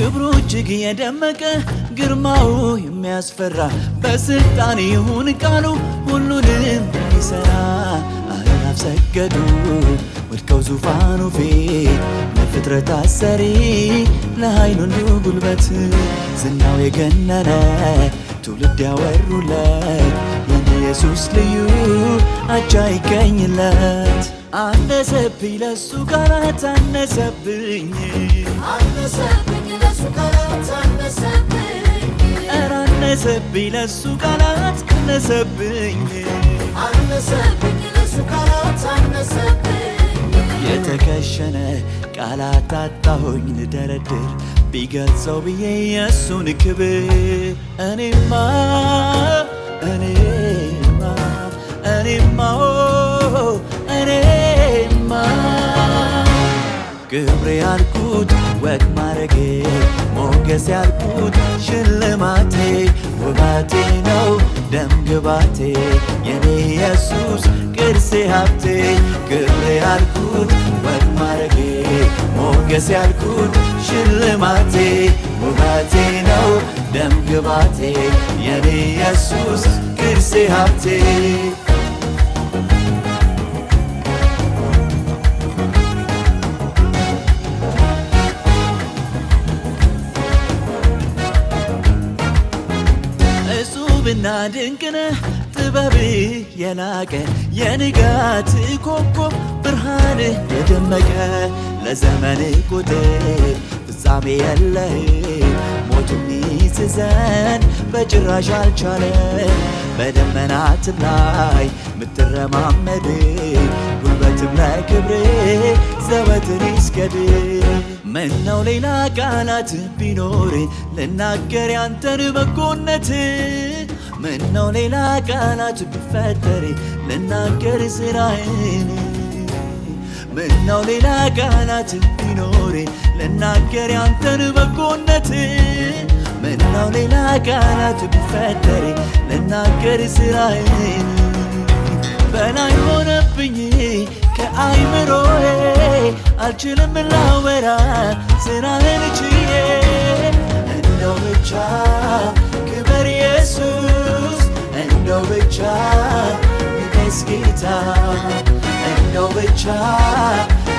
ክብሩ እጅግ የደመቀ ግርማው የሚያስፈራ በስልጣን ይሁን ቃሉ ሁሉንም ይሰራ። አእላፍ ሰገዱ ወድቀው ዙፋኑ ፊት ለፍጥረት አሰሪ ለኃይል ሁሉ ጉልበት ዝናው የገነነ ትውልድ ያወሩለት የኢየሱስ ልዩ አቻ ይገኝለት አነሰብኝ ለሱ ቃላት አነሰብኝ ኧረ አነሰብኝ ለሱ ቃላት አነሰብኝ የተከሸነ ቃላት አጣሁኝ ልደረድር ቢገልጸው ብዬ የእሱን ክብር እኔማ እኔማ እኔማ ግብሬ ያልኩት ወግ ማረጌ ሞገስ ያልኩት ሽልማቴ ውባቴ ነው ደም የኔ ኢየሱስ ቅርሴ ሀብቴ ግብሬ ያልኩት ወግ ማረጌ ሞገስ ያልኩት ሽልማቴ ውባቴ ነው ደም የኔ ኢየሱስ ቅርሴ ሀብቴ ድንቅነ ጥበብ የላቀ የንጋት ኮከብ ብርሃን የደመቀ ለዘመን ቁጥር ፍጻሜ የለ ሞት ሚስዘን በጭራሽ አልቻለ በደመናት ላይ ምትረማመድ ጉልበትም ለክብር ዘበትን ይስገድ ምነው ሌላ ቃላት ቢኖር ልናገር ያንተን በጎነትን ምነው ሌላ ቃላት ብፈጠሪ ልናገር ስራዬን ምነው ሌላ ቃላት ቢኖሬ ልናገር ያንተን በጎነት ምነው ሌላ ቃላት ብፈጠሪ ልናገር ስራዬን በላይ ሆነብኝ ከአይምሮዬ አልችልም ላወራ ስራህን ችዬ እንደው ብቻ ክበር ኢየሱስ ብቻ ንገስ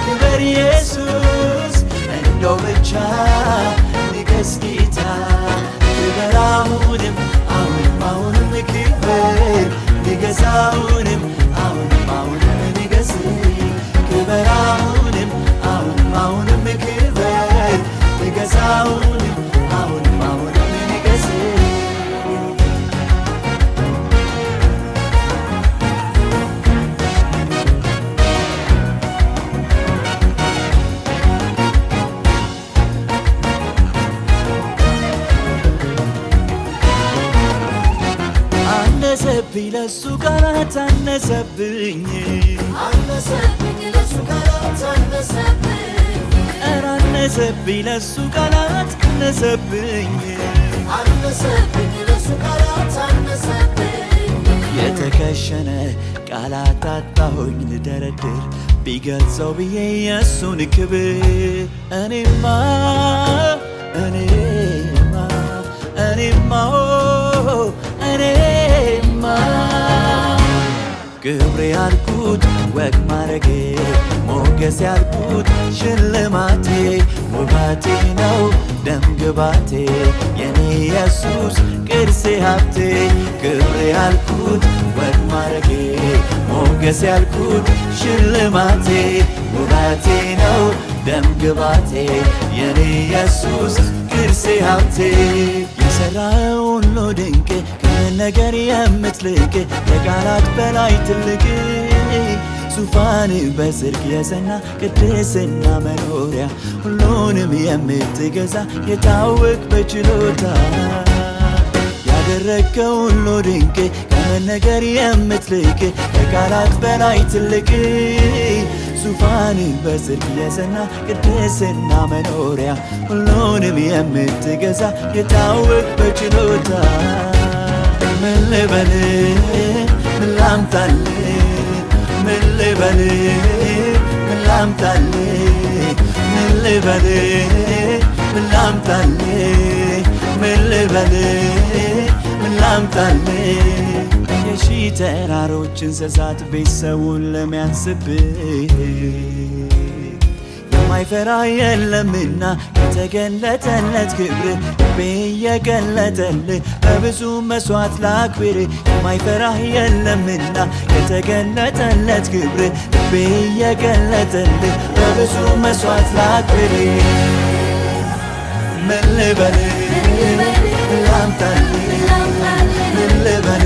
ክበር ኢየሱስ እንደው ብቻ ንገስ ጌታ ክበር አሁንም አሁንም ክበር ንገስ ልቤ ለሱ ጋር ታነሰብኝ አነሰብኝ ለሱ ጋር ታነሰብኝ የተከሸነ ቃላት አጣሁኝ ልደረድር ቢገልጸው ብዬ የሱን ክብር እኔማ እኔ ግብሬ ያልኩት ወግ ማረጌ ሞገስ ያልኩት ሽልማቴ ውባቴ ነው ደምግባቴ የኔ ኢየሱስ ቅርሴ ሀብቴ ግብሬ ያልኩት ወግ ማረጌ ሞገስ ያልኩት ሽልማቴ ውባቴ ነው ደምግባቴ የኔ ኢየሱስ ቅርሴ ሀብቴ የሰራው ሁሉ ድንቅ ነገር የምትልቅ ከቃላት በላይ ትልቅ ዙፋን በጽድቅ የጸና ቅድስና መኖሪያ ሁሉንም የምትገዛ የታወቅ በችሎታ ያደረግከው ሁሉ ድንቅ ከመነገር የምትልቅ ከቃላት በላይ ትልቅ ዙፋን በጽድቅ የጸና ቅድስና መኖሪያ ሁሉንም የምትገዛ የታወቅ በችሎታ ምን ልበል ምን ላምጣል ምን ልበል ምን ላምጣል ምን ልበል ምን ላምጣል ምን ልበል ምን ላምጣል የሺ ተራሮች እንስሳት ቤተሰቡን ሰውን ለሚያንስብህ የማይፈራ የለምና የተገለጠለት ክብር ልቤ የገለጠል በብዙ መስዋዕት ላክብር የማይፈራ የለምና የተገለጠለት ክብር ልቤ የገለጠል በብዙ መስዋዕት ላክብር ምን ልበል ላምጣል ምን ልበል